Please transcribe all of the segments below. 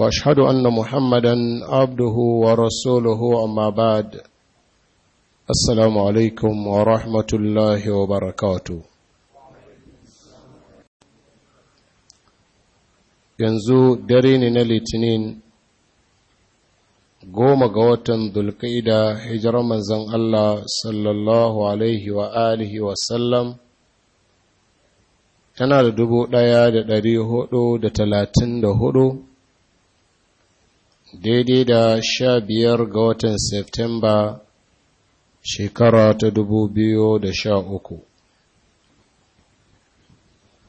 واشهد ان محمدا عبده ورسوله اما بعد السلام عليكم ورحمه الله وبركاته yanzu dare ne na litinin goma ga watan dulkaida hijirar manzon Allah sallallahu alaihi wa alihi wasallam yana da dubu ɗaya da ɗari hudu da talatin da hudu daidai da sha biyar ga watan Septemba shekara ta dubu biyu da sha uku.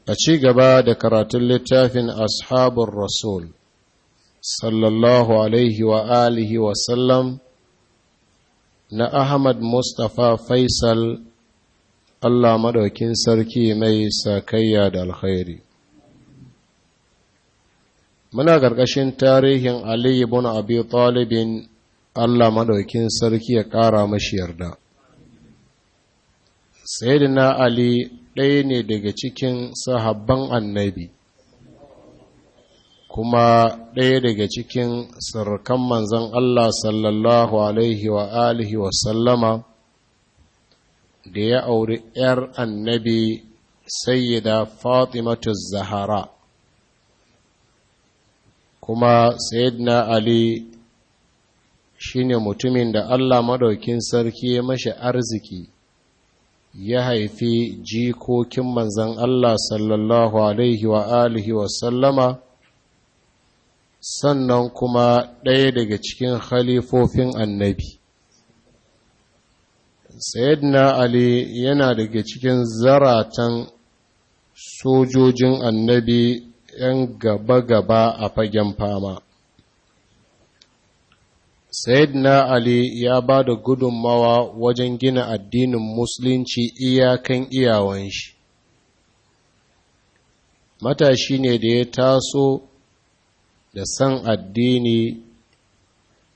A ci gaba da karatun littafin Ashabun Rasul, sallallahu Alaihi wa alihi wasallam, na Ahmad Mustapha Faisal, Allah maɗaukin sarki mai sakayya da alkhairi. muna ƙarƙashin tarihin Ali ibn Abi Talibin Allah madaukin sarki ya ƙara mashi yarda Sayyidina Ali ɗaya ne daga cikin sahabban annabi kuma ɗaya daga cikin sarkan manzon Allah sallallahu alaihi wa alihi wa sallama da ya auri ‘yar annabi sayyida Fatimatu Zahara kuma sayyidina ali shine mutumin da Allah madaukin sarki ya mashi arziki ya haifi jikokin manzan Allah sallallahu alaihi wa alihi wa sallama sannan kuma ɗaya daga cikin khalifofin annabi sayyidina ali yana daga cikin zaratan sojojin annabi 'yan gaba-gaba a fagen fama na ali ya ba da gudunmawa wajen gina addinin musulunci iyakan iyawan shi matashi ne da ya taso da san addini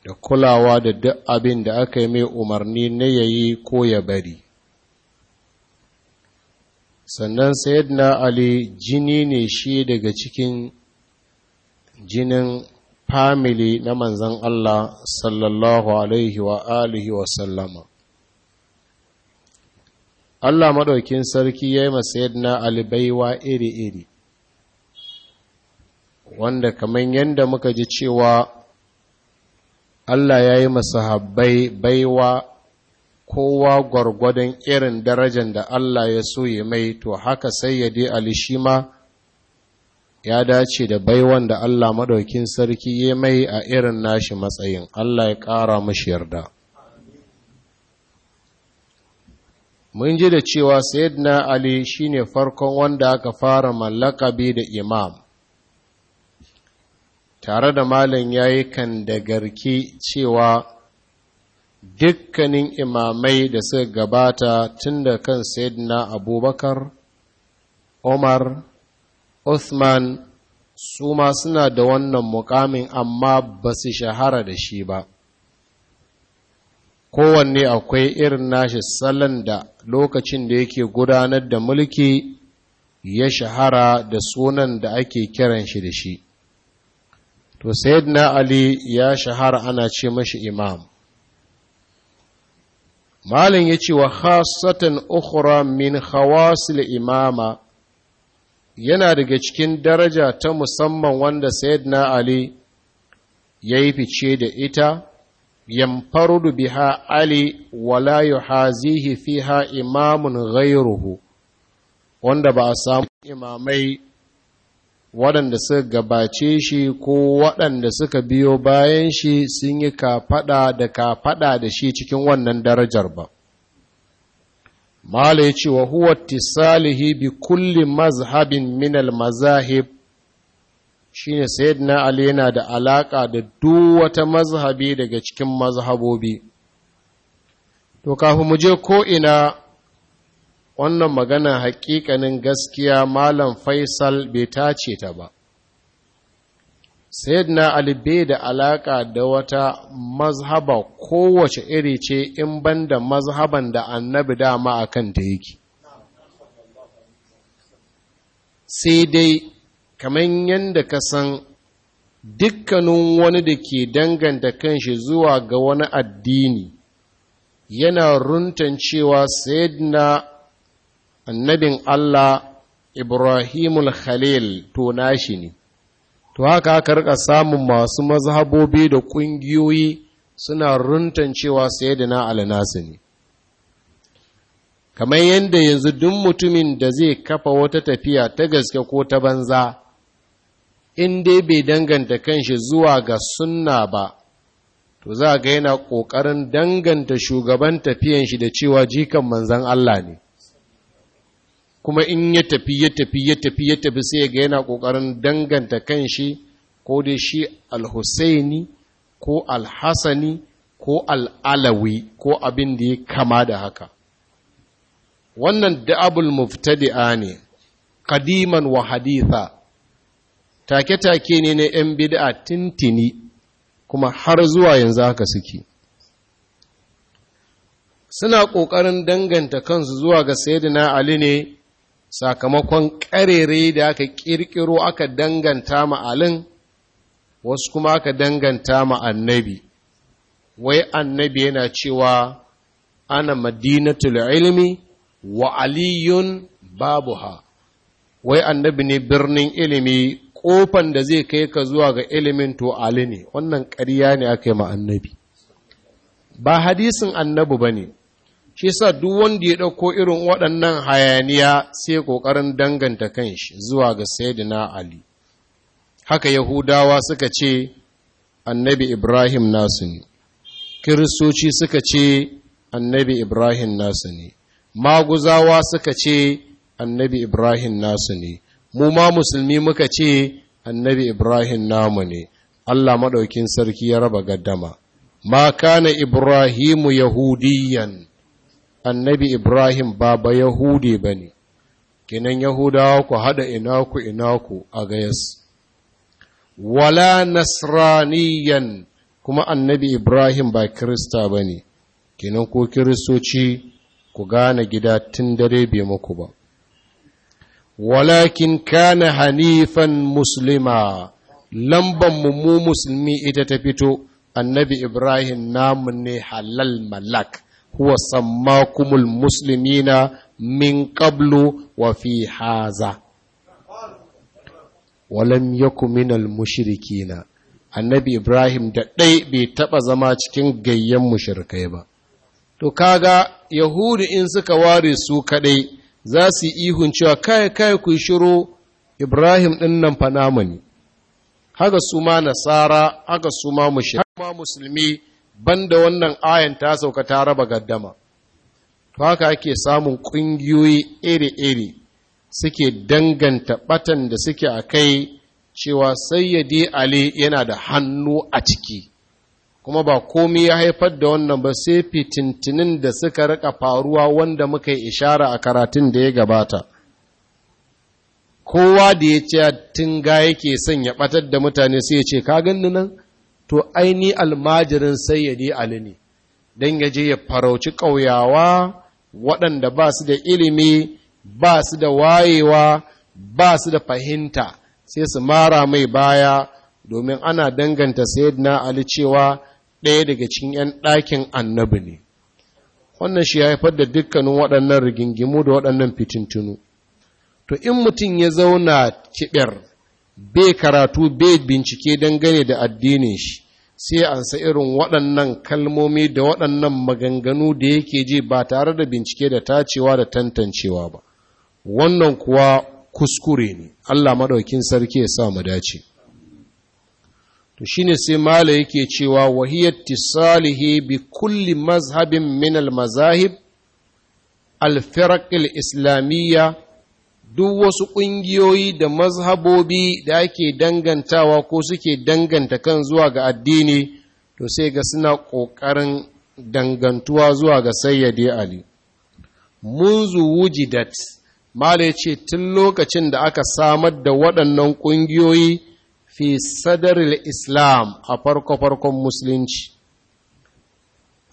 da kulawa da duk abin da aka yi mai umarni na yayi ko ya bari sannan sayyidina ali jini ne shi daga cikin jinin famili na manzan Allah sallallahu alaihi wa alihi wa sallama Allah maɗaukin sarki ya yi masayidina albaiwa iri-iri wanda kamar yadda muka ji cewa Allah ya yi masahabbai baiwa kowa gwargwadon irin darajar da Allah ya so ya mai to haka sai ya dai ali ma ya dace da baiwan da Allah madaukin sarki ya mai a irin nashi matsayin Allah ya ƙara mashi yarda mun ji da cewa sayyidina ali shine farkon wanda aka fara mallakabi da imam tare da malam yayi kan da garki cewa dukkanin imamai da suka gabata tun da kan sayidina abubakar umar uthman su ma suna da wannan mukamin amma ba su shahara da shi ba kowanne akwai irin nashi salon da lokacin da yake gudanar da mulki ya shahara da sunan da ake kiran shi da shi to sayidina ali ya shahara ana ce mashi imam malin ya ce wa khasatan ukhra min khawasil imama yana daga cikin daraja ta musamman wanda sayyidina ali ya yi fice da ita yamfarudu biha ali wala yuhazihi fiha imamun ghairuhu wanda ba a samu imamai waɗanda suka gabace shi ko waɗanda suka biyo bayan shi sun yi kafaɗa da kafaɗa da shi cikin wannan darajar ba. Mala ya ce wa huwa tisalihi bi kulli mazhabin minal mazahib shi ne Sayyidina Ali yana da alaƙa da duk wata mazhabi daga cikin mazhabobi. To, kafin mu je ko'ina wannan magana hakikanin gaskiya malam faisal bai tace ta ba sayyidina ali bai da alaƙa da wata mazhaba kowace iri ce in banda mazhaban da annabi dama a kan ta yake sai dai kamar yadda ka san dukkanin wani da ke danganta kanshi zuwa ga wani addini yana runtan cewa na annabin Allah Ibrahimul Khalil to nashi ne to haka aka rika samun masu mazhabobi da ƙungiyoyi suna runtancewa sayyidina al nasu ne kamar yadda yanzu duk mutumin da zai kafa wata tafiya ta gaske ko ta banza in dai bai danganta kanshi zuwa ga sunna ba to za ga yana ƙoƙarin danganta shugaban tafiyan shi da cewa jikan manzan Allah ne kuma in ya tafi ya tafi ya tafi ya tafi sai ga yana kokarin danganta kan shi ko dai shi alhussaini ko al ko al'alawi ko abin da ya kama da haka wannan da'abul muftadi'a ne Kadiman wa haditha take-take ne na 'yan bid'a tintini kuma har zuwa yanzu haka suke suna ƙoƙarin danganta kansu zuwa ga sayyidina ali ne sakamakon ƙarere da aka ƙirƙiro aka danganta ma'alin wasu kuma aka danganta ma wai annabi yana cewa ana madinatul ilimi wa aliyun Babu Ha. wai annabi ne birnin ilimi ƙofan da zai kai ka zuwa ga ilimin to ali ne wannan ƙarya ne aka yi ma annabi ba hadisin annabi ba ne shi sa duk wanda ya ɗauko irin waɗannan hayaniya sai ƙoƙarin danganta kanshi zuwa ga na ali haka yahudawa suka ce annabi ibrahim nasu ne kiristoci suka ce annabi ibrahim nasu ne maguzawa suka ce annabi ibrahim nasu ne mu ma musulmi muka ce annabi ibrahim namu ne allah maɗaukin sarki ya raba gaddama ma kana ibrahimu yahudiyan annabi Ibrahim ba ba Yahudi ba ne, kinan Yahudawa ku haɗa ina ku ina ku a gayas. Wala Nasraniyan kuma annabi Ibrahim ba Kirista ba ne, kinan ko Kiristoci ku gane gida tun dare bai muku ba. Walakin kana hanifan muslima, lamban mu musulmi ita ta fito, annabi Ibrahim namu ne halal malak. huwa sammakumul muslimina min qablu wa fi haza walam yaku minal mushrikina annabi ibrahim da ɗai bai taɓa zama cikin gayyen mushrikai ba to kaga yahudu in suka ware su kaɗai za su yi ihun cewa kai kai ku shiru ibrahim ɗin nan fa namu haka su ma nasara haka su ma musulmi banda wannan ayan ta sauka ta raba gaddama to haka ake samun ƙungiyoyi iri-iri suke danganta batan da suke a kai cewa sayyadi ali yana da hannu a ciki kuma ba komi ya haifar da wannan ba sai fitintinin da suka rika faruwa wanda muka yi ishara a karatun da ya gabata kowa da ya ce tunga yake son ya batar da mutane sai ya ce ka ganni nan to aini almajirin sayyadi ali ne don ya je ya farauci ƙauyawa waɗanda ba su da ilimi ba su da wayewa ba su da fahimta sai su mara mai baya domin ana danganta na ali cewa ɗaya daga cikin 'yan ɗakin annabi ne wannan shi ya haifar da dukkanin waɗannan rigingimu da waɗannan fitintunu to in mutum ya zauna kiɓir bai karatu bai bincike dangane da addinin shi sai an ansa irin waɗannan kalmomi da waɗannan maganganu da yake ji ba tare da bincike da tacewa da tantancewa ba wannan kuwa kuskure ne Allah maɗaukin sarki ya sa mu dace to shine sai mala yake cewa wahiyat tisalihi bi kulli mazhabin minal al mazahib al islamiyya duk wasu ƙungiyoyi da mazhabobi da ake dangantawa ko suke danganta kan zuwa ga addini to sai ga suna ƙoƙarin dangantuwa zuwa ga sayyade ali munzu wujidat mala ce tun lokacin da aka samar da waɗannan ƙungiyoyi fi sadaril islam a farko-farkon musulunci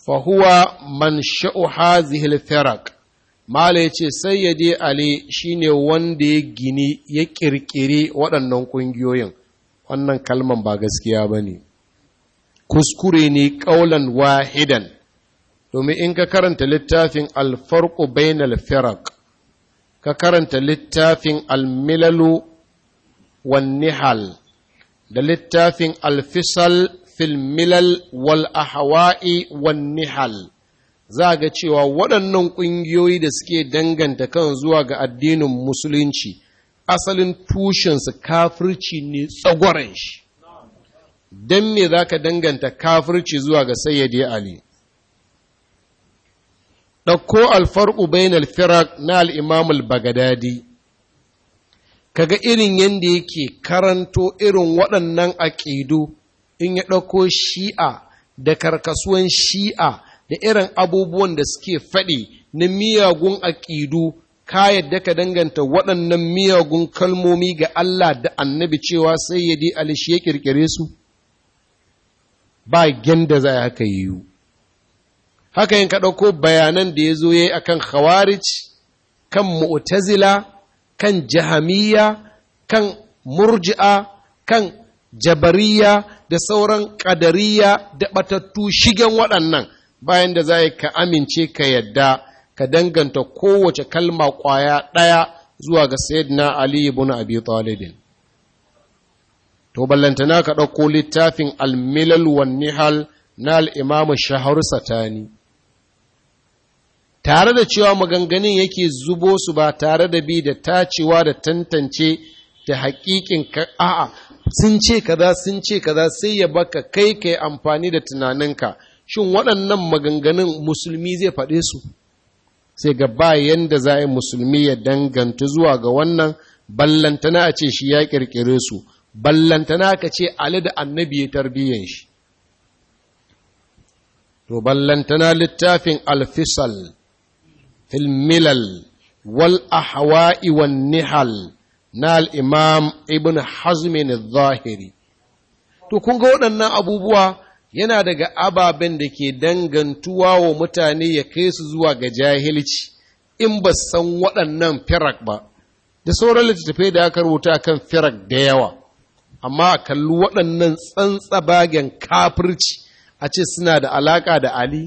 fahuwa man sha'u hazihil firak mala ya ce sai ya je ali shi ne wanda ya gini ya ƙirƙiri waɗannan ƙungiyoyin wannan kalman ba gaskiya ba ne kuskure ne ƙaulan wahidan domin in ka karanta littafin alfarko bainal firak ka karanta littafin almilalu wan nihal da littafin alfisal filmilal milal wal ahwa'i wan za ga cewa waɗannan ƙungiyoyi da suke danganta kan zuwa ga addinin musulunci asalin tushensu kafirci ne tsagwaran shi don me za ka danganta kafirci zuwa ga sayyade ali ɗauko alfar'u bainal Firak na al’imamul bagadadi kaga irin yadda yake karanto irin waɗannan aƙidu in ya ɗauko shi'a da karkasuwan shi'a da irin abubuwan da suke faɗi na miyagun aƙidu ka yadda ka danganta waɗannan miyagun kalmomi ga Allah da annabi cewa sai ya di alishi ya ƙirƙire su ba gyanda za haka yiwu haka yin ka ɗauko bayanan da ya zo ya yi a kan khawarij kan mu'tazila kan jahamiya kan murji'a kan jabariya da sauran ƙadariya da ɓatattu shigen waɗannan bayan da za ka amince ka yadda ka danganta kowace kalma kwaya ɗaya zuwa ga sayyidina Ali ibn Abi Talib to ballantana ka ɗauko littafin al-milal wan nihal na al-imam shahar Satani tare da cewa maganganun yake zubo su ba tare da bi da tacewa da tantance da haƙiƙin ka a'a sun ce kaza sun ce kaza sai ya baka kai kai amfani da tunaninka shin waɗannan maganganun musulmi zai faɗe su sai ga bayan da za a musulmi ya danganta zuwa ga wannan ballantana a ce shi ya ƙirƙire su ballantana ka ce ali da annabi ya tarbiyyan shi to ballantana littafin alfisal filmilal wal ahwa'i wan nihal na al'imam ibn hazmin zahiri to kun ga waɗannan abubuwa yana daga ababen da ke dangantuwa wa mutane ya kai su zuwa ga jahilci in ba san waɗannan firak ba da sauran littattafai da aka rubuta kan firak da yawa amma a kalli waɗannan tsantsabagen kafirci a ce suna da alaƙa da ali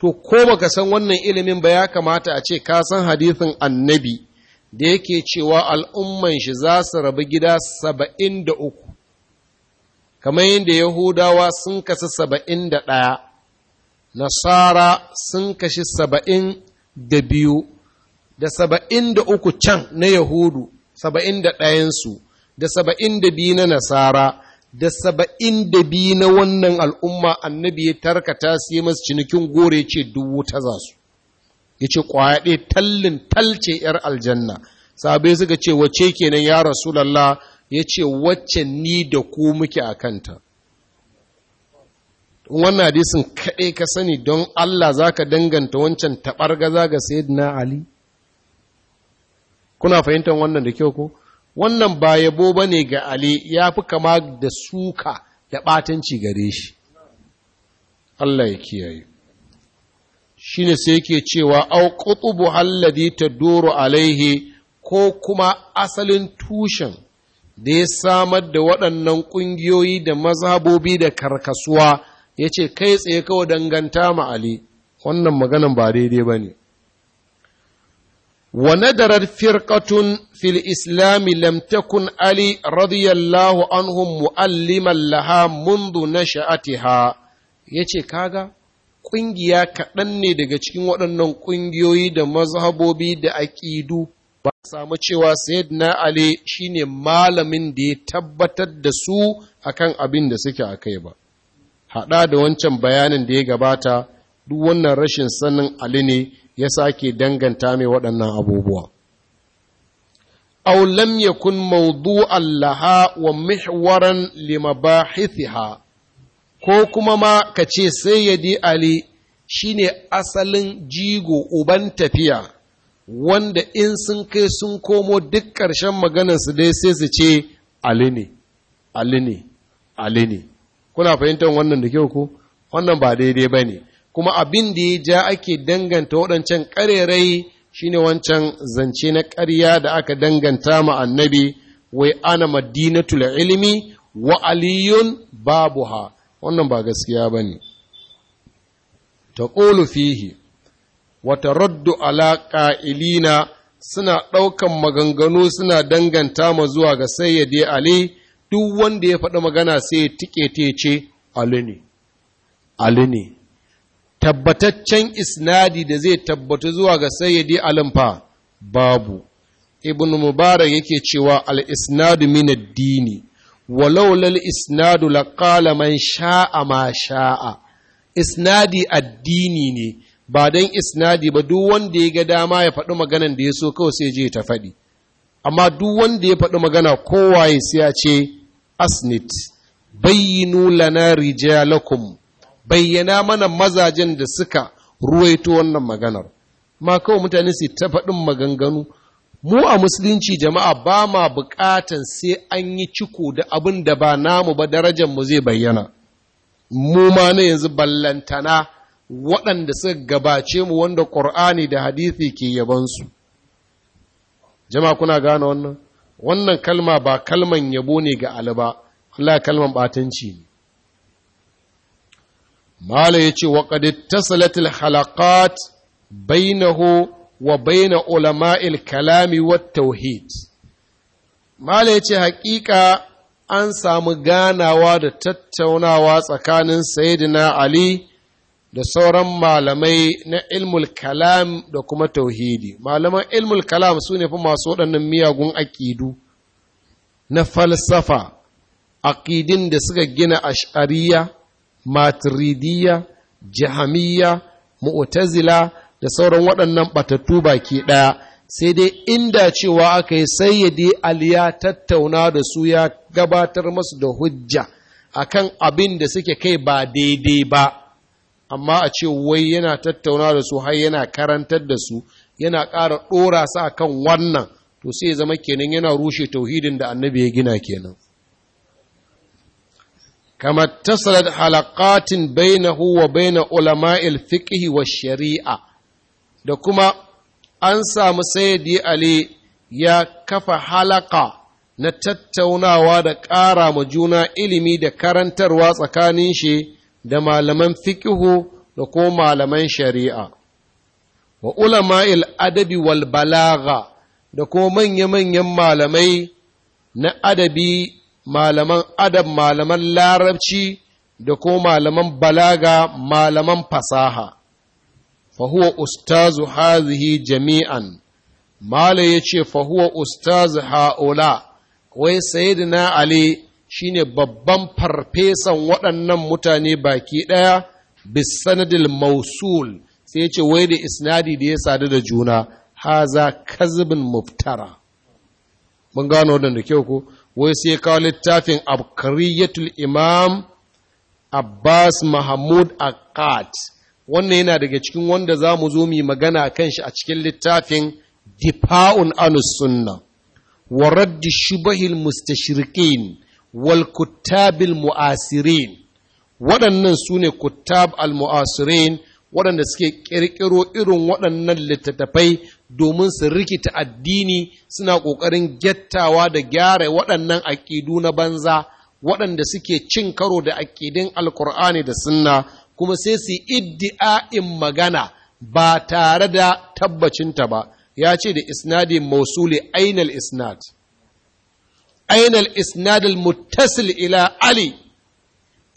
to ko baka san wannan ilimin ba ya kamata a ce ka san hadithin annabi da yake cewa al'umman shi za su rabu gida saba'in da uku kamar yadda Yahudawa sun kasu saba'in da ɗaya, Nasara sun kashi saba'in da biyu, da saba'in da uku can na Yahudu, saba'in da ɗayansu, da saba'in da biyu na Nasara, da saba'in da biyu na wannan al'umma annabi ya tarkata su yi masu cinikin gore ce dubu ta za su. Ya ce tallin talce ‘yar aljanna, sabai suka ce wace kenan ya Rasulallah ya ce wacce ni da ku muke a kanta wannan hadisin kaɗai ka sani don Allah za ka danganta wancan taɓargaza ga na Ali kuna fahimtar wannan da kyau ko wannan ba yabo ba ne ga Ali ya fi kama da suka da ɓatanci gare shi Allah ya kiyaye shi ne sai ke cewa au ƙutubu halladi ta doro alaihe ko kuma asalin tushen da ya samar da waɗannan ƙungiyoyi da mazhabobi da karkasuwa ya ce kai tsaye kawai danganta ma Ali wannan maganan ba daidai ba ne. Wa nadarar firƙatun fil islami lamtakun Ali radiyallahu anhum mu'alliman laha mundu na sha'atiha ya ce kaga ƙungiya kaɗan ne daga cikin waɗannan ƙungiyoyi da mazhabobi da aƙidu samu cewa sayyidina ali shine malamin da ya tabbatar da su akan abin da suke a kai ba hada da wancan bayanin da ya gabata duk wannan rashin sanin ali ne ya sake danganta mai waɗannan abubuwa Aulam lam yakun maudu allaha wa mihwaran limabahithiha ko kuma ma ka kace sayyadi ali shine asalin jigo uban tafiya wanda in sun kai sun komo duk ƙarshen maganarsu dai sai su ce ali ne ali kuna fahimtar wannan da kyau ko wannan ba daidai ba ne kuma abin da ya ja ake danganta waɗancan ƙarerai shine wancan zance na ƙarya da aka danganta ma annabi wai ana madinatul ilimi wa aliyun babuha wannan ba gaskiya ba ne ta fihi wata raddu alaƙa ilina suna ɗaukan maganganu suna danganta ma zuwa ga sayyade Ali, duk wanda ya faɗi magana sai tike ce Ali ne, Ali ne. Tabbataccen isnadi da zai tabbata zuwa ga sayyade Alimfa babu. Ibn Mubarak yake cewa al-isnadu min dini walau lal isnadu laqala man sha'a ma sha'a. Isnadi addini ne. ba don isnadi ba duk wanda ya ga dama ya faɗi maganan da ya so kawai sai je ta faɗi amma duk wanda ya faɗi magana kowaye sai ya ce asnit bayyinu lana rijalakum bayyana mana mazajen da suka ruwaito wannan maganar ma kawai mutane su ta faɗin maganganu mu a musulunci jama'a ba ma buƙatan sai an yi ciko da abin da ba namu ba darajar mu zai bayyana mu ma na yanzu ballantana waɗanda suka gabace mu wanda ƙur'ani da hadithi ke yabansu jama'a kuna gane wannan wannan kalma ba kalman yabo ne ga alba Allah kalman batanci ne mala ce wa qad ittasalatil halaqat bainahu wa baina ulama'il kalami wa tauhid mala ce haƙiƙa an samu ganawa da tattaunawa tsakanin sayyidina ali da sauran malamai na ilmul kalam da kuma tauhidi malaman ilmul kalam su ne fi masu waɗannan miyagun aƙidu na falsafa aƙidin da suka gina ash'ariya maturidiyya jahamiyya mu'tazila da sauran waɗannan ɓatattu baki ɗaya sai dai inda cewa aka yi sayyadi ali ya tattauna da su ya gabatar masu da hujja akan abin da suke kai ba daidai ba amma a ce wai yana tattauna da su har yana karantar da su yana ƙara ɗora su kan wannan to sai zama kenan yana rushe tauhidin da annabi ya gina kenan kama tasalad halaqatin bainahu wa baina ulama'il fiqh wa shari'a da kuma an samu sayyidi ali ya kafa halaka na tattaunawa da ƙara ma juna ilimi da karantarwa tsakanin shi da malaman fiƙihu da ko malaman shari'a wa ulama'il adabi wal balaga da ko manya-manyan malamai na adabi malaman adab malaman larabci da ko malaman balaga malaman fasaha fahuwa ustazu hazihi jami'an mala ya ce fahuwa ustazu ha'ula wai sayyidina ali shine babban farfesan waɗannan mutane baki ɗaya bisanadil mausul sai ce wai da isnadi da ya sadu da juna haza kazibin muftara mun gano da da kyau ko wai sai kawo littafin abkariyatul imam abbas mahmud aqat wannan yana daga cikin wanda za mu zo mu yi magana kan shi a cikin littafin difa'un anus sunna wa raddi shubahil mustashriqin wal kuttabil mu'asirin waɗannan su ne kuttab al mu'asirin waɗanda suke ƙirƙiro irin waɗannan littattafai domin su rikita addini suna ƙoƙarin gyattawa da gyara waɗannan aƙidu na banza waɗanda suke cin karo da aƙidin alkur'ani da sunna kuma sai su iddi'a'in magana ba tare da tabbacinta ba ya ce da isnadi mausuli ainal isnad ainal isnadil muttasil ila ali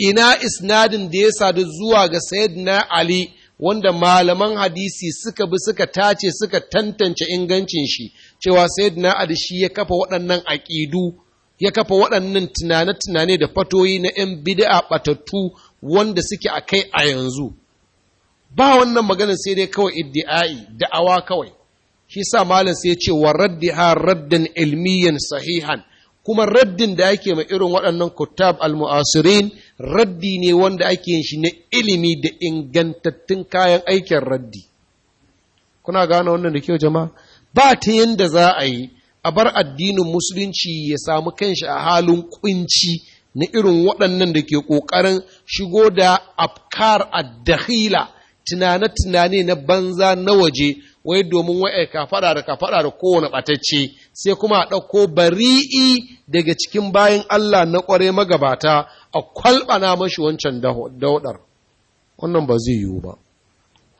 ina isnadin da ya sadu zuwa ga sayyidina ali wanda malaman hadisi suka bi suka tace suka tantance ingancin shi cewa sayyidina ali shi ya kafa waɗannan aƙidu ya kafa waɗannan tunane-tunane da fatoyi na 'yan bid'a batattu wanda suke a kai a yanzu ba wannan maganar sai dai kawai iddi'ai da'awa kawai shi sa malam sai ce wa raddi ha raddan ilmiyan sahihan kuma raddin da ake mai irin waɗannan kutab al-mu'asirin raddi ne wanda ake yin shi na ilimi da ingantattun kayan aikin raddi kuna gane wannan da kyau jama'a ba ta yadda za a yi a bar addinin musulunci ya samu kanshi a halin kunci na irin waɗannan da ke ƙoƙarin shigo da afkar dahila, tunane-tunane na banza na waje wai domin wa'ai ka fada da ka fada da kowane ɓatacce sai kuma a ɗauko bari'i daga cikin bayan Allah na ƙware magabata a kwalɓana mashi wancan daudar wannan ba zai yiwu ba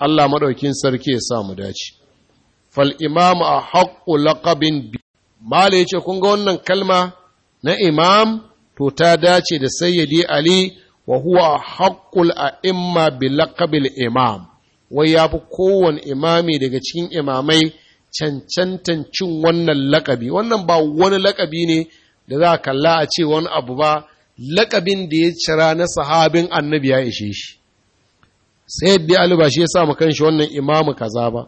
Allah maɗaukin sarki ya sa mu dace fal imam a haƙƙo laƙabin bi mala ya ce kun ga wannan kalma na imam to ta dace da Sayyadi ali wa huwa haƙƙul a imma bi laƙabil imam wai ya fi kowane imami daga cikin imamai cancantan cin wannan lakabi wannan ba wani lakabi ne da za a kalla a ce wani abu ba lakabin da ya cira na sahabin annabi ya ishe shi sai dai aliba shi ya sa kan kanshi wannan imamu kaza ba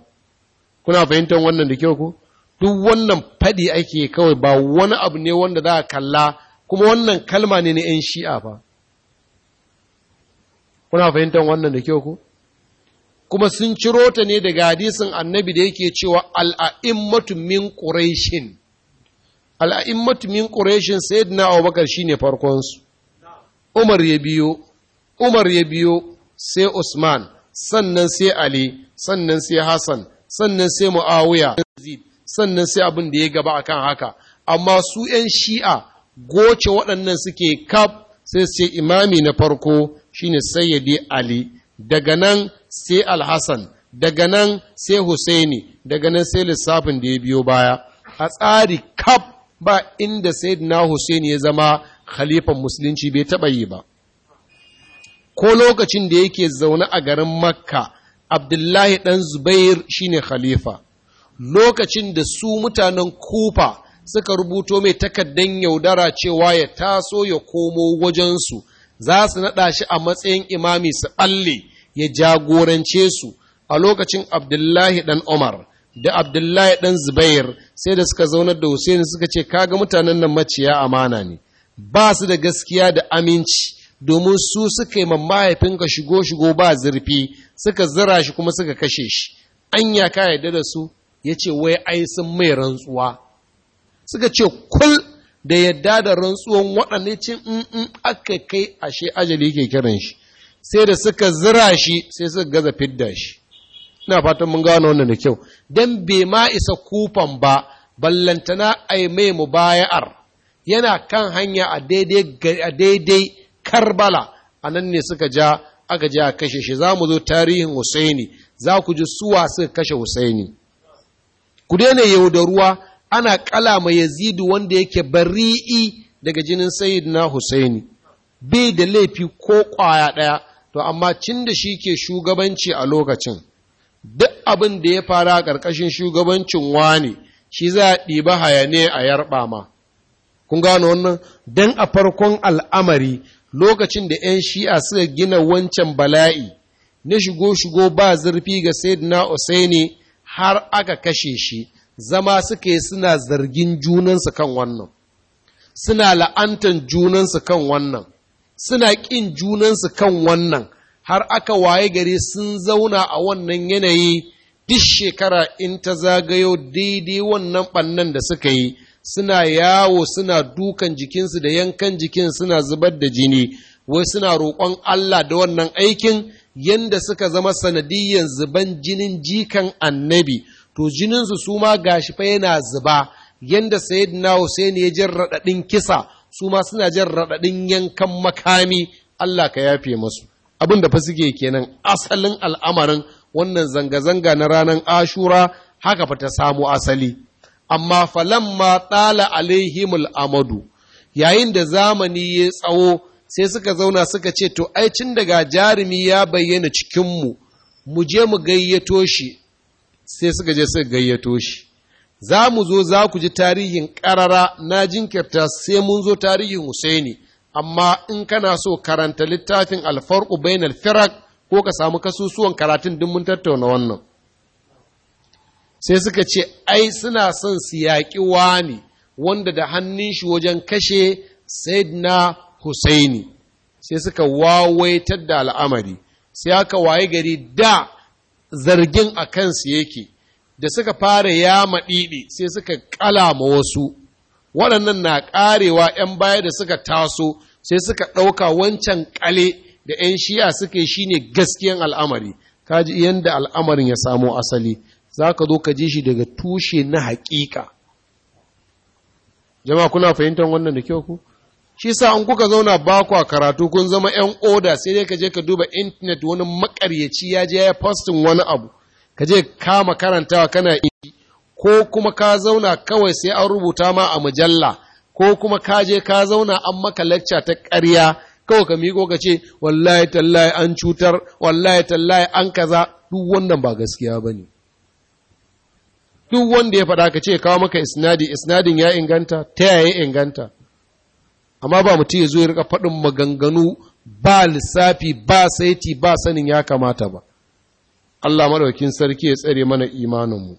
kuna fahimtar wannan da kyau ko duk wannan faɗi ake kawai ba wani abu ne wanda za a kalla kuma wannan kalma ne na 'yan shi'a ba kuna fahimtar wannan da kyau ko kuma sun ciro ta ne daga hadisin annabi da yake cewa al'a'immatu min ƙureshin al'a'immatu min ƙureshin na abubakar shi ne farkonsu umar ya biyo umar ya biyo sai usman sannan sai ali sannan sai hassan sannan sai mu'awiya sannan sai abin da ya gaba akan haka amma su ‘yan shi'a goce waɗannan suke kaf sai sai imami na farko shine sayyidi ali daga nan sai alhassan daga nan sai husaini daga nan sai lissafin da ya biyo baya a tsari kaf ba inda na husaini ya zama khalifan musulunci bai taɓa yi ba ko lokacin da yake zaune a garin makka abdullahi ɗan zubair shine khalifa lokacin da su mutanen kufa suka rubuto mai takaddan yaudara cewa ya taso ya komo wajensu za su naɗa shi a matsayin imami su ɓalle ya jagorance su a lokacin abdullahi ɗan umar da abdullahi ɗan zubair sai da suka zaunar da Hussein suka ce kaga mutanen nan maciya amana ne ba su da gaskiya da aminci domin su suka yi mahaifinka shigo shigo ba zurfi suka zira shi kuma suka kashe shi anya ka yarda da su ya ce wai ai sun mai rantsuwa suka ce kul da yadda da rantsuwan waɗanne cin mm, in mm, aka kai ashe ajali ke kiran shi sai da suka zira shi sai suka gaza fidda shi ina fatan mun gano wannan da kyau dan bai ma isa kufan ba ballantana ai mai mubaya'ar yana kan hanya a daidai Karbala a nan ne suka ja aka ja kashe shi za mu zo tarihin Husaini za ku ji suwa suka kashe Husaini ku daina ruwa. ana kala ma yazidu wanda yake bari'i daga jinin sayyidina husaini bai da laifi ko kwaya ɗaya to amma cin da shi ke shugabanci a lokacin duk abin da ya fara a ƙarƙashin shugabancin wani shi za a ɗiba hayane a yarɓa ma kun gano wannan don a farkon al'amari lokacin da 'yan shi'a suka gina wancan bala'i na shigo-shigo ba zurfi ga sayyidina Husaini har aka kashe shi zama suke suna zargin junansu kan wannan suna la'antan junansu kan wannan suna ƙin junansu kan wannan har aka waye gari sun zauna a wannan yanayi duk shekara in ta zagayo daidai wannan ɓannan da suka yi suna yawo suna dukan jikinsu da yankan jikin suna zubar da jini wai suna roƙon Allah da wannan aikin yanda suka zama sanadiyyan zuban jinin jikan annabi to jininsu su ma gashi fa yana zuba yanda sayyidina Hussein ya jin raɗaɗin kisa su ma suna jin raɗaɗin yankan makami Allah ka yafe masu abin da fa suke kenan asalin al'amarin wannan zanga-zanga na ranar ashura haka fa ta samu asali amma falamma tala alaihimul amadu yayin da zamani ya tsawo sai suka zauna suka ce to ai cin daga jarumi ya bayyana cikinmu mu je mu gayyato shi sai suka je suka gayyato shi za mu zo za ku ji tarihin ƙarara na jinkirta sai mun zo tarihin husaini amma in kana so karanta littafin alfarku bainal firak ko ka samu kasusuwan karatun duk mun tattauna wannan sai suka ce ai suna son su yaƙi wani wanda da hannun shi wajen kashe sayyidina husaini sai suka wawaitar da al'amari sai aka waye gari da zargin a kansu yake da suka fara yama ɗiɗi sai suka kalama wasu waɗannan na ƙarewa 'yan baya da suka taso sai suka ɗauka wancan ƙale da 'yan shiya suka yi shine gaskiyan al'amari kaji yadda al'amarin ya samo asali za ka zo ka ji shi daga tushe na haƙiƙa jama'a kuna fahimtar wannan da kyau ku shi sa an kuka zauna ba kwa karatu kun zama yan oda sai dai ka je ka duba intanet wani makaryaci ya je ya postin wani abu ka je kama karantawa kana inji ko kuma ka zauna kawai sai an rubuta ma a mujalla ko kuma ka je ka zauna an maka lacca ta ƙarya kawai ka miko ka ce wallahi tallahi an cutar wallahi tallahi an kaza duk wannan ba gaskiya ba ne duk wanda ya faɗa ka ce kawo maka isnadi isnadin ya inganta ta yaya inganta amma ba mutum ya zo ya rika faɗin maganganu ba lissafi ba saiti ba sanin ya kamata ba Allah madaukin sarki ya tsare mana imaninmu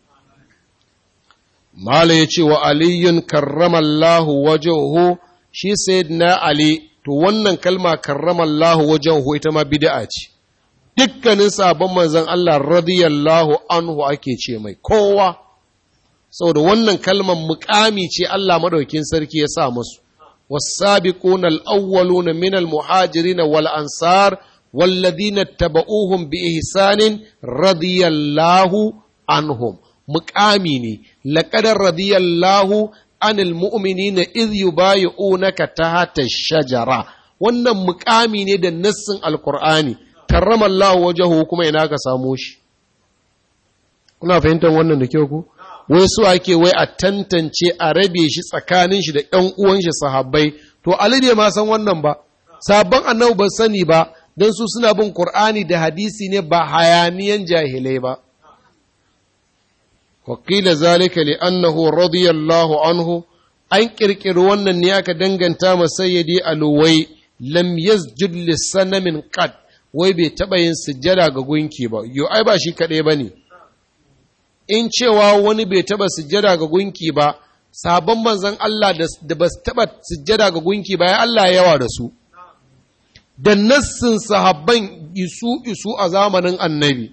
mala ya ce wa aliyun karramallahu wajahu shi sayyidina ali to wannan kalma karramallahu wajahu ita ma bid'a ce dukkanin sabon manzon Allah radiyallahu anhu ake ce mai kowa saboda wannan kalmar mukami ce Allah madaukin sarki ya sa masu. والسابقون الأولون من المهاجرين والأنصار والذين اتبعوهم بإحسان رضي الله عنهم مقاميني لقد رضي الله عن المؤمنين إذ يبايعونك تحت الشجرة wannan mukami ne da nassin alkur'ani karramallahu wajahu kuma ina ka samo shi kuna fahimtar wannan da kyau ku wai su ake wai a tantance a rabe shi tsakanin shi da ƴan uwan shi sahabbai to ali bai ma san wannan ba sabon annabi ba sani ba dan su suna bin qur'ani da hadisi ne ba hayaniyan jahilai ba wakila zalika li annahu radiyallahu anhu an kirkiri wannan ne aka danganta ma sayyidi aluwai lam yasjud sanamin qad wai bai taɓa yin sujjada ga gunki ba yo ai ba shi kadai bane in cewa wani bai taba sujjada ga gunki ba sabon manzon Allah da ba su taba sujjada ga gunki ba ya Allah yawa da su da nassin sahabban isu isu a zamanin annabi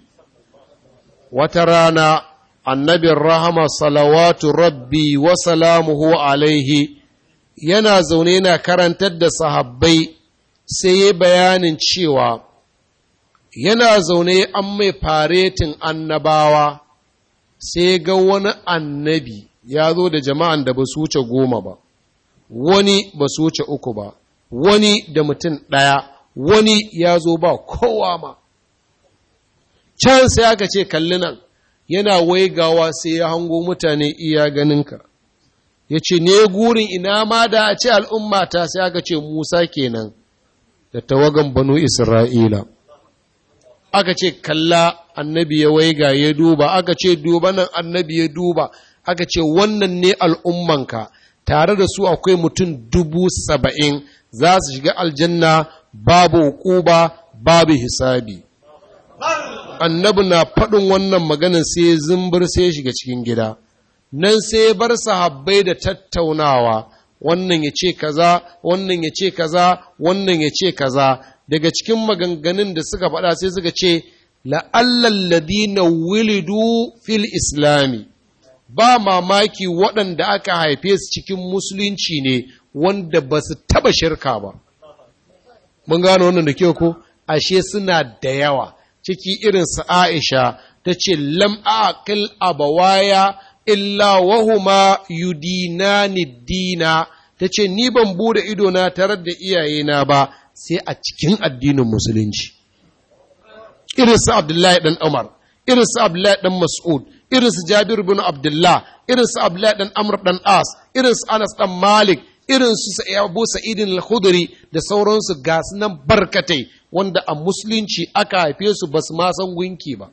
wata rana annabin rahama salawatu rabbi wa salamuhu alaihi yana zaune yana karantar da sahabbai sai ya bayanin cewa yana zaune an mai faretin annabawa sai ga wani annabi ya zo da jama'an da ba su wuce goma ba wani ba su wuce uku ba wani da mutum ɗaya wani ya zo ba kowa ma can sai aka ce kalli nan yana waigawa sai ya hango mutane iya ganinka ya ce ne gurin ina ma da a ce al'ummata sai aka ce musa kenan da tawagan banu isra'ila aka ce kalla annabi ya waiga ya duba aka ce duba nan annabi ya duba aka ce wannan ne al'ummanka tare da su akwai mutum dubu saba'in za su shiga aljanna babu hukuba babu hisabi annabi na faɗin wannan maganin sai zumbir sai shiga cikin gida nan sai bar sahabbai da tattaunawa wannan ya ce kaza wannan ya ce kaza wannan ya ce kaza daga cikin maganganun da suka faɗa sai suka ce la'allan ladina wilidu fil islami ba mamaki waɗanda aka haife su cikin musulunci ne wanda ba su taba shirka ba mun gano wannan da kyau ko ashe suna da yawa ciki irin su Aisha ta ce lam aqil abawaya illa wahuma yudinani dina ta ce ni ban bude idona tare tarar da iyayena ba sai a cikin addinin musulunci irinsu abdullahi dan umar irinsu abdullahi dan mas'ud irinsu jabir bin abdullah irinsu abdullahi dan amr ɗan as irinsu anas dan malik irinsu abu sa'idin al da sauransu ga nan barkatai wanda a musulunci aka haife su ba su ma san gunki ba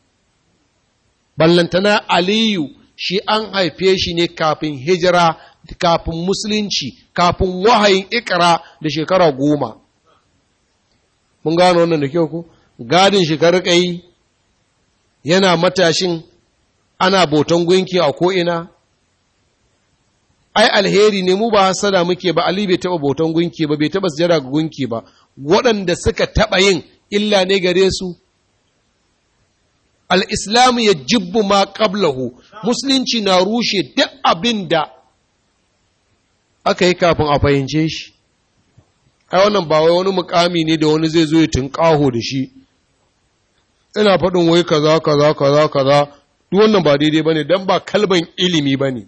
ballantana aliyu shi an haife shi ne kafin hijira kafin musulunci kafin wahayin ikra da shekara goma mun gano wannan da kyau ku gadin shi karkai yana matashin ana boton gunki a ko'ina ai alheri ne mu ba hasada muke ba ali bai taba boton gunki ba bai taba jira ga gunki ba waɗanda suka taba yin illa ne gare su Al'islamu ya jibbu ma ƙablahu. musulunci na rushe duk abin da aka yi kafin a fahimce shi ai wannan ba wani mukami ne da wani zai zo ya tunƙaho da shi ina faɗin wai kaza kaza kaza kaza duk wannan ba daidai bane dan ba kalban ilimi bane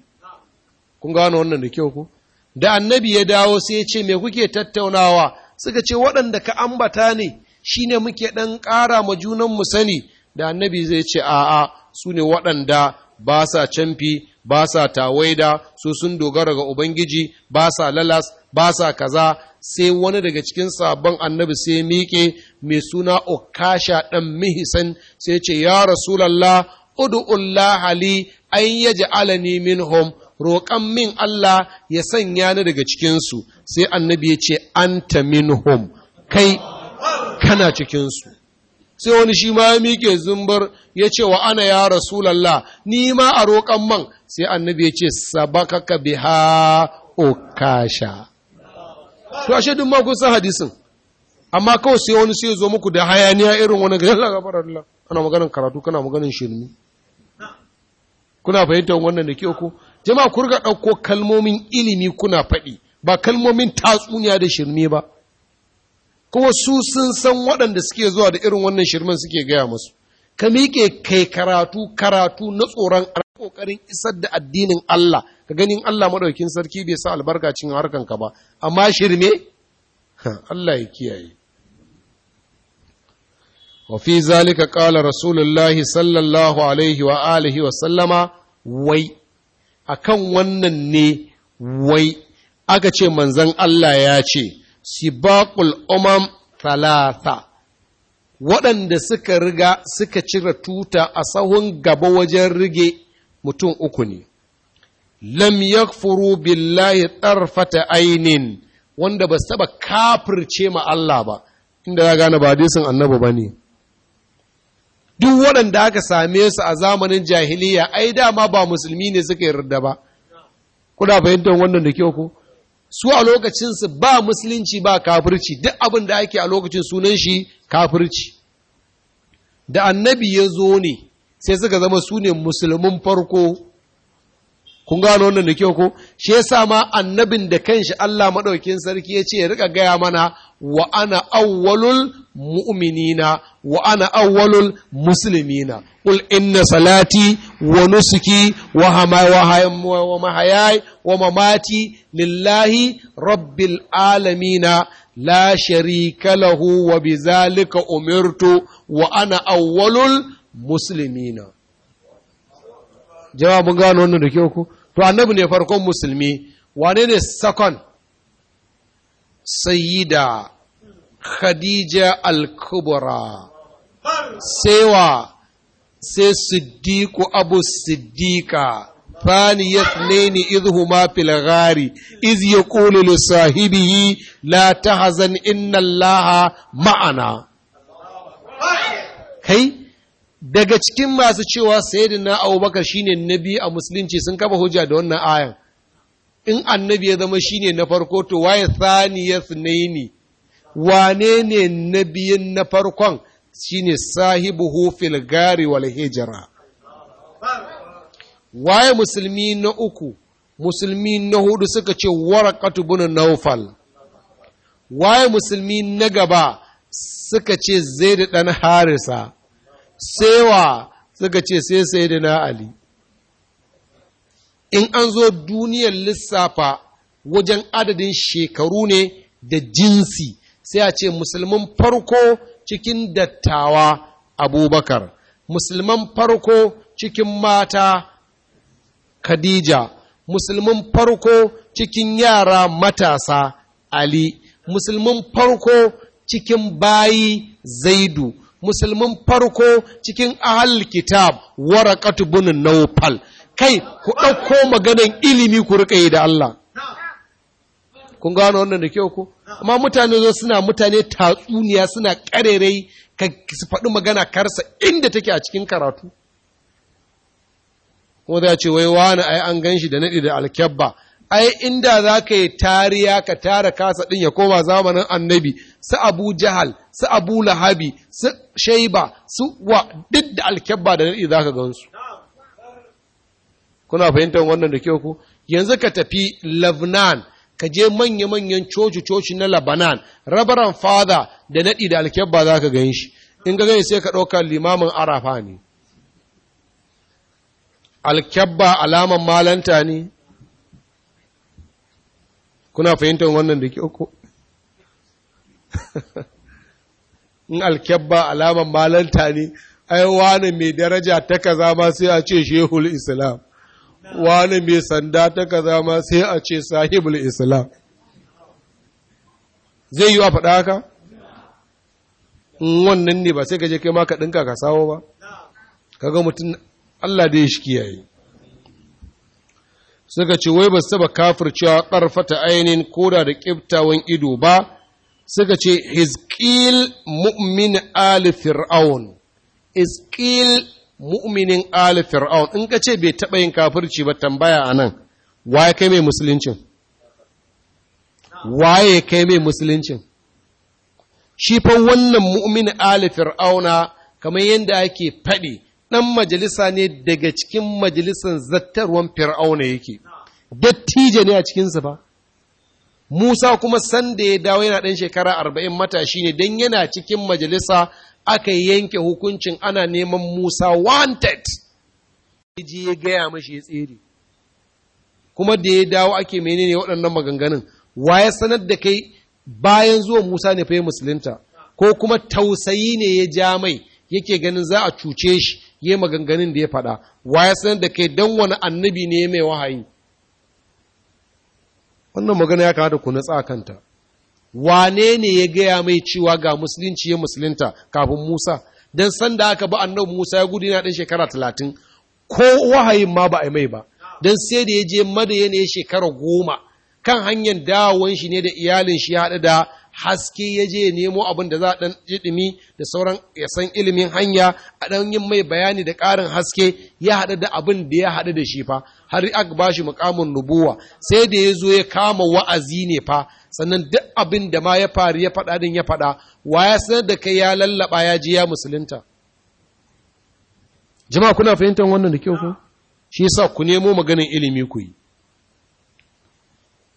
kun gano wannan da kyau ko da annabi ya dawo sai ya ce me kuke tattaunawa suka ce waɗanda ka ambata ne shine muke ɗan ƙara ma junan mu sani da annabi zai ce a'a su ne waɗanda ba sa canfi ba sa tawaida su sun dogara ga ubangiji ba sa lalas ba sa kaza sai wani daga cikin sabon annabi sai miƙe mai suna okasha ɗan mihisan sai ce ya rasu rasulallah Udu'un Lahali an min hom roƙan min Allah ya sanya ni daga cikinsu sai annabi ya ce anta hom kai kana cikinsu sai wani shi ma ya miƙe zumbar ya ce wa ana ya rasulallah ni ma a roƙan man sai annabi ya ce sabakaka biha okasha to ashe duk makon san hadisin amma kawai sai wani sai zo muku da hayaniya irin wani ga Allah gafarar Allah ana maganar karatu kana maganar shirmi kuna fahimtar wannan da kyau ko jama'a ku riga dauko kalmomin ilimi kuna faɗi ba kalmomin tatsuniya da shirmi ba kuma su sun san waɗanda suke zuwa da irin wannan shirmin suke gaya musu ka miƙe kai karatu karatu na tsoron ƙoƙarin isar da addinin Allah ka ganin Allah maɗaukin sarki bai sa albarka cikin ka ba amma shirme Allah ya kiyaye wa fi zalika qala rasulullahi sallallahu alaihi wa alihi wa sallama wai A kan wannan ne wai aka ce manzon Allah ya ce ba umam talata? waɗanda suka riga suka cire tuta a sahun gaba wajen rige mutum uku ne lam yakfuru billahi tarfata ainin wanda ba saba kafirce ma Allah ba inda ya gane ba hadisin annabi ne. duk waɗanda aka same su a zamanin jahiliya ai dama ba musulmi ne suka yarda ba kuna fahimtar wannan da kyau ko su a lokacinsu ba musulunci ba kafirci duk abin da ake a lokacin sunan shi kafirci da annabi ya zo ne sai suka zama su ne musulmin farko kun gano wannan da kyau ko shi yasa ma annabin da kanshi Allah madaukin sarki ya ce ya rika gaya mana wa ana awwalul mu'minina wa ana awwalul muslimina qul inna salati wa nusuki wa mahayai wa mamati lillahi rabbil alamina la sharika lahu wa bizalika umirtu wa ana awwalul musulmi na jama'a mun gano wannan da ke uku to annabi ne farkon musulmi wane ne sakon sayida khadija al-kubra sewa sai siddiqu abu siddiqa fani ya ma izuhuma filghari iz ya ƙoli sahibihi la ta hazan inna allaha ma'ana kai daga cikin masu cewa sayyidina abubakar shine nabi a musulunci sun kafa hujja da wannan ayan in annabi ya zama shine na farko to waye thaniya sunaini wane ne nabiyin na farkon shine sahibu hufil gari wal hijra waye musulmi na uku musulmi na hudu suka ce waraqatu bin waye musulmi na gaba suka ce zaid dan harisa sewa suka ce sai sai da na ali in an zo duniyar lissafa wajen adadin shekaru ne da jinsi sai a ce musulmin farko cikin dattawa abubakar musulman farko cikin mata khadija musulmin farko cikin yara matasa ali musulmin farko cikin bayi zaidu musulmin farko cikin ahal kitab warakatu bunin naufal kai ku ɗauko maganan ilimi ku rika yi da Allah kun gano wannan da kyau ko amma mutane zo suna mutane tatsuniya suna ƙarerai ka su faɗi magana karsa inda take a cikin karatu kuma za ce wai wani ai an gan shi da naɗi da alkyabba ai inda za ka yi tariya ka tara kasa ɗin ya koma zamanin annabi su abu jahal su abu lahabi su shaiba su wa duk da alkyabba da nadi za ka gansu kuna fahimtar wannan da kyau ku yanzu ka tafi lebanon ka je manya-manyan coci-coci na lebanon rabaran fada da naɗi da alkyabba za ka gan shi in ga gani sai ka ɗauka limamin arafa ne alkyabba alaman malanta ne kuna fahimtar wannan da kyau ku in alkyabba alaman malanta ne ai wani mai daraja ta kaza ma sai a ce shehul islam wani mai sanda ta kaza ma sai a ce sahibul islam zai yi wa faɗa haka wannan ne ba sai ka je kai ma ka ɗinka ka sawo ba kaga mutum Allah da ya shi kiyaye suka ce wai ba su taba kafircewa ƙarfata ainihin koda da ƙiftawan ido ba suka ce hizkil mu'min ali fir'aun hizkil mu'minin ali fir'aun in ka ce bai taɓa yin kafirci ba tambaya a nan waye kai mai musuluncin waye kai mai musuluncin shi fa wannan mu'min ali fir'auna kamar yadda ake faɗi ɗan majalisa ne daga cikin majalisan zattarwan fir'auna yake dattijo ne a cikinsa ba Musa kuma sanda ya dawo yana ɗan shekara arba'in matashi ne don yana cikin majalisa aka yanke hukuncin ana neman Musa wanted. Iji ya gaya mashi ya tsere. Kuma da ya dawo ake menene waɗannan maganganun, wa ya sanar da kai bayan zuwa Musa ne fa musulunta, ko kuma tausayi ne ya ja mai yake ganin za a cuce shi ya maganganun da ya faɗa, wa ya sanar da kai don wani annabi ne mai wahayi. wannan magana ya da ku natsa kanta wane ne ya gaya mai cewa ga musulunci ya musulunta kafin musa don sanda aka ba annabi musa ya gudu yana ɗan shekara talatin ko wahayin ma ba a mai ba don sai da ya je madaya ne shekara goma kan hanyar dawon shi ne da iyalin shi ya haɗu da haske ya je nemo abin da za a ɗan jiɗimi da sauran ya san ilimin hanya a ɗan yin mai bayani da ƙarin haske ya haɗu da abin da ya haɗu da shi fa har aka ba shi muƙamin nubuwa sai da ya zo ya kama wa'azi ne fa sannan duk abin da ma ya faru ya faɗa din ya faɗa wa ya sanar da kai ya lallaɓa ya je ya musulunta jama'a kuna fahimtar wannan da kyau ko shi yasa ku nemo maganin ilimi ku yi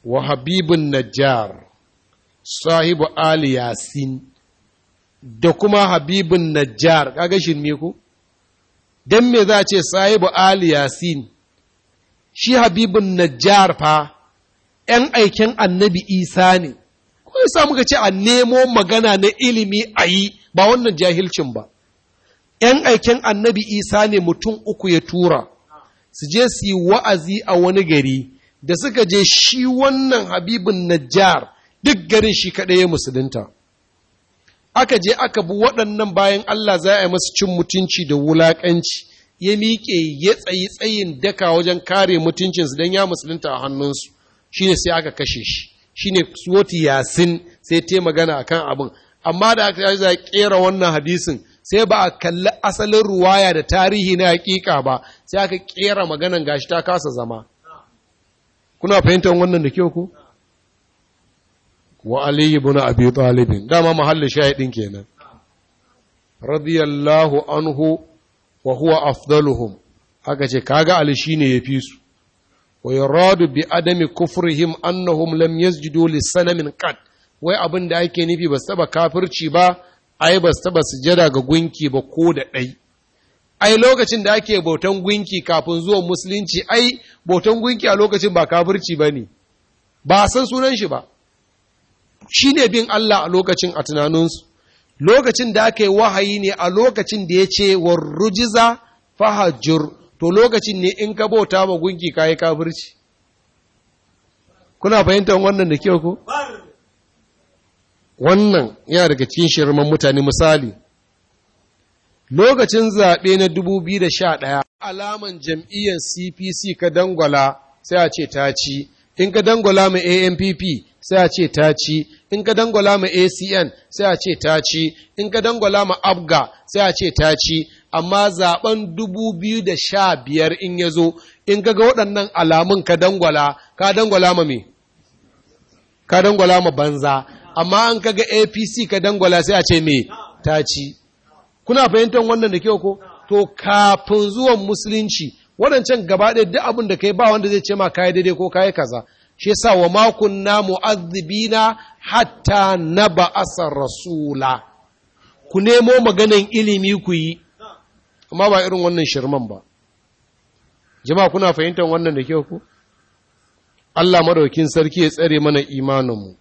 wa habibun najjar sahibu ali yasin da kuma habibun najjar kaga shirme ku? dan me za a ce sahibu ali yasin shi habibun najjar fa ‘yan aikin annabi isa ne, ko samu muka ce a nemo magana na ilimi a yi ba wannan jahilcin ba, ‘yan aikin annabi isa ne mutum uku ya tura, su je su yi wa'azi a wani gari, da suka je shi wannan habibin Najjar duk garin shi kaɗai ya musulunta aka je aka bi waɗannan bayan Allah za a yi masu cin mutunci da wulaƙanci ya miƙe ya tsayi tsayin daka wajen kare mutuncinsu don ya musulunta a hannunsu Shi ne sai aka kashe shi Shi ne suwoti yasin sai ta magana a kan abin amma da aka yi za kera wannan hadisin sai ba a kalli asalin ruwaya da tarihi na hakika ba sai aka ƙera maganan gashi ta kasa zama kuna fahimtar wannan da kyau ku wa Ali ibn Abi Talib dama mahallin shahidin kenan radiyallahu anhu wa huwa afdaluhum aka ce kaga Ali shine yafi su wa yuradu bi adami kufrihim annahum lam yasjudu li sanamin qad wai abin da ake nufi ba taba kafirci ba ai ba taba sujada ga gunki ba ko da dai ai lokacin da ake bautan gunki kafin zuwa musulunci ai bautan gunki a lokacin ba kafirci bane ba san sunan shi ba shi ne bin Allah a lokacin a tunaninsu lokacin da aka yi wahayi ne a lokacin da ya ce wa rujiza fahajjur to lokacin ne in ka bauta ma gunki ka yi kafirci kuna fahimtar wannan da kyau ko wannan yana daga cikin shirman mutane misali lokacin zaɓe na 2011 alaman jam'iyyar cpc ka dangwala sai a ce ta ci in ka dangwala ma ANPP sai a ce ta ci, in ka dangwala ma ACN sai a ce ta ci, in ka dangwala ma ABGA sai a ce ta ci, amma zaben 2015 in ya zo, in ka ga waɗannan alamun ka dangwala, ka dangwala ma me? Ka dangwala ma banza, amma an ka ga APC ka dangwala sai a ce me? Ta ci. Kuna fahimtar wannan da kyau ko? To, kafin zuwan Musulunci, waɗancan gaba ɗaya duk abin da kai ba wanda zai ce ma kayi daidai ko kayi kaza shi yasa wa ma na mu'azzibina hatta na ba'asa rasula ku nemo maganan ilimi ku yi amma ba irin wannan shirman ba jama'a kuna fahimtar wannan da kyau ku Allah madaukin sarki ya tsare mana imaninmu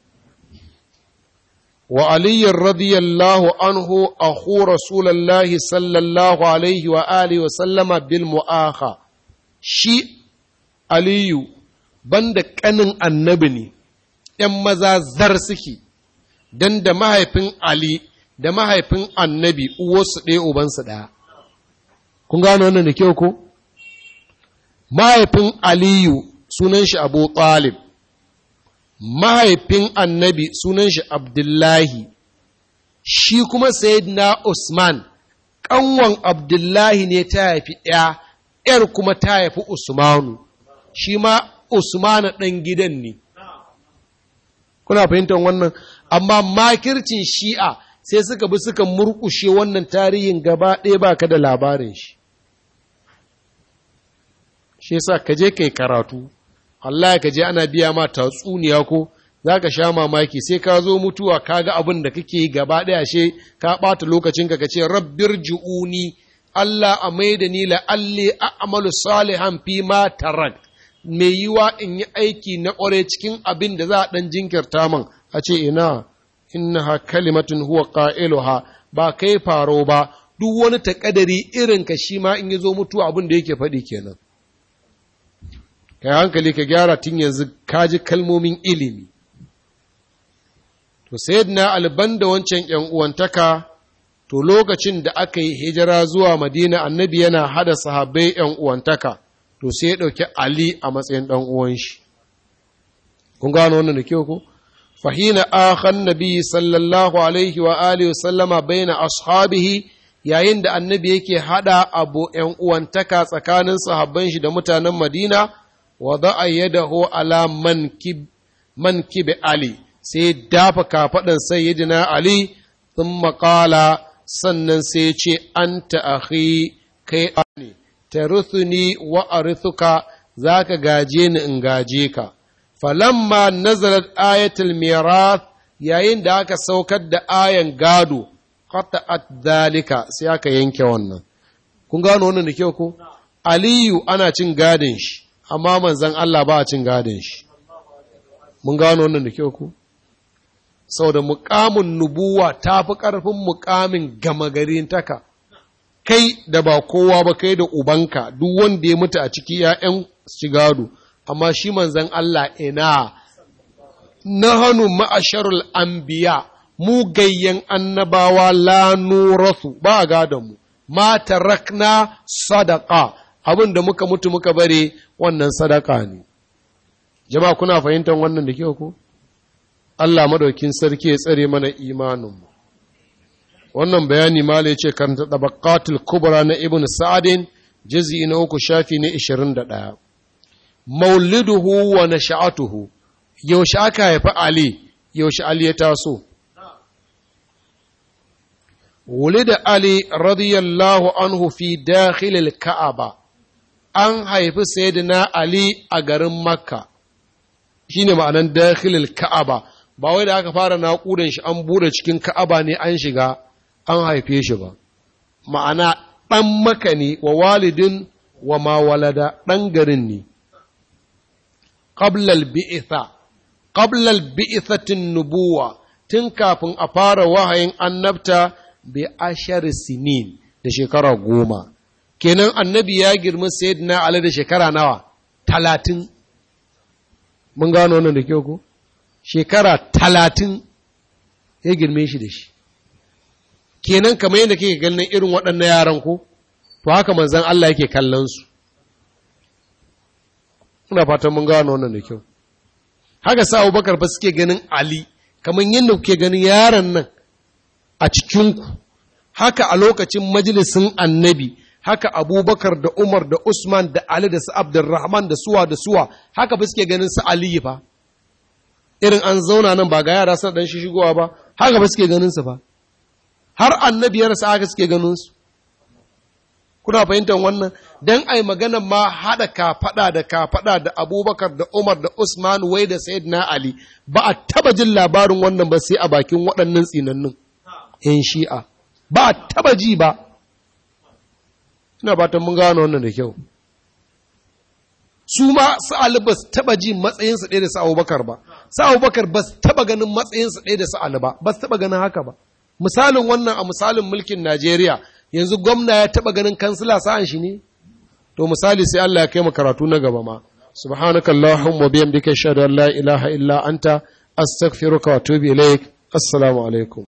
wa aliyyar radiyallahu anhu hu rasulallahi sallallahu alaihi wa alihi wa sallama bil mu'aha shi aliyu banda ƙanin annabi ne ‘yan maza zar suke don da mahaifin ali da mahaifin annabi uwarsu ɗaya ubansu ɗaya kun gano wannan da kyau ko mahaifin aliyu sunan shi abu talib mahaifin annabi sunan shi abdullahi shi kuma sayyidina usman ƙanwan abdullahi ne ta haifi ɗaya. ‘yar kuma ta haifi Usmanu, shi ma Usmanu ɗan gidan ne. Kuna fahimtar wannan, amma makircin shi'a sai suka bi suka murkushe wannan tarihin gaba ɗaya ba ka da labarin shi. Shi sa ka je kai karatu, Allah ka je ana biya ma tatsuniya ko za ka sha mamaki sai ka zo mutuwa ka ga abin da kake gaba ɗaya shi ka ɓata lokacinka ka ce rabbir ju'uni Allah a mai da ni la'alli a amalu salihan fi ma tarak, mai yiwa in yi aiki na ƙware cikin abin da za a ɗan jinkirta min, a ce ina, innaha kalimatin huwa ƙa'iluha ba kai faro ba, duk wani taƙadari irin ka shi ma in yi zo mutu abin da yake faɗi kenan. Kai hankali ka gyara tun yanzu ka ji kalmomin ilimi. To, sayyidina alban da wancan ‘yan uwantaka’ to lokacin da aka yi hijira zuwa madina annabi yana hada sahabbai yan uwantaka to sai ya ɗauki ali a matsayin ɗan uwan shi kun gano wannan da kyau ko fahina akhan nabi sallallahu alaihi wa alihi sallama baina ashabihi yayin da annabi yake hada abu yan uwantaka tsakanin sahabban shi da mutanen madina wa da'a yadahu ala mankib mankib ali sai dafa kafaɗan sayyidina ali sun maƙala sannan sai ce an ta'ahi kai ne ni wa arithuka za ka gaje ni in gaje ka falamma nazarat ayatul mirath yayin da aka saukar da ayan gado qata'at dalika sai aka yanke wannan kun gano wannan da kyau ko aliyu ana cin gadin shi amma manzon Allah ba a cin gadin shi mun gano wannan da kyau ko Sau da mukamin nubuwa ta fi ƙarfin mukamin gama garin taka kai da ba kowa ba kai da ubanka duk wanda ya mutu a ciki ‘ya'yan shigadu. amma shi manzan Allah ina na hannu ma'asharul biya mu gayyan annabawa la nurasu ba a gadonmu ma rakna sadaka abin da muka mutu muka bare wannan sadaka ne jama'a kuna fahimtar wannan da kyau ko Allah madaukin sarki ya tsare mana imaninmu wannan bayani mala yace ce karanta tabaqatul kubra na ibn sa'adin juz'i na uku shafi na 21 mauliduhu wa nasha'atuhu yaushe aka haifi ali yaushe ali ya taso Wulida Ali radiyallahu anhu fi في داخل an haifi sayyidina Ali a garin Makka, shine ne ma'anan dakhilil Ka'aba, ba wai da aka fara naƙudan shi an bude cikin ka'aba ne an shiga an haife shi ba ma'ana ɗan maka ne wa walidin wa mawalada. ɗan garin ne qablal bi'itha qablal bi'ithatin nubuwa tun kafin a fara wahayin annabta bi ashar sinin da shekara goma kenan annabi ya girma sayyidina ali da shekara nawa talatin mun gano wannan da kyau ko shekara talatin ya girme shi da shi kenan kamar yadda kake ganin irin waɗannan yaran ko to haka manzan Allah yake kallon su ina fatan mun gano wannan da kyau haka sa Abubakar ba suke ganin Ali kamar yadda kuke ganin yaran nan a cikinku haka a lokacin majalisin annabi haka abubakar da umar da usman da ali da su abdurrahman da suwa da suwa haka ba suke ganin su aliyu fa irin an zauna nan ba ga yara suna ɗan shigowa ba haka ba suke ganin ba har annabiyar sa aka suke ganin kuna fahimtar wannan dan ai magana ma hada kafaɗa da kafaɗa da Abubakar da Umar da Usman wai da na Ali ba a taba jin labarin wannan ba sai a bakin waɗannan tsinannin. yan shi'a ba a taba ji ba ina fatan mun gano wannan da kyau su ma su Ali ba su taba ji matsayinsa ɗaya da su Abubakar ba sa abubakar ba su taɓa ganin matsayinsa ɗaya da sa'ali ba ba taba taɓa ganin haka ba misalin wannan a misalin mulkin najeriya yanzu gwamna ya taɓa ganin kansila sa'an shi ne to misali sai allah ya kai mu karatu na gaba ma subhanaka allahumma bihamdika ashhadu an la ilaha illa anta astaghfiruka wa atubu ilaik assalamu alaikum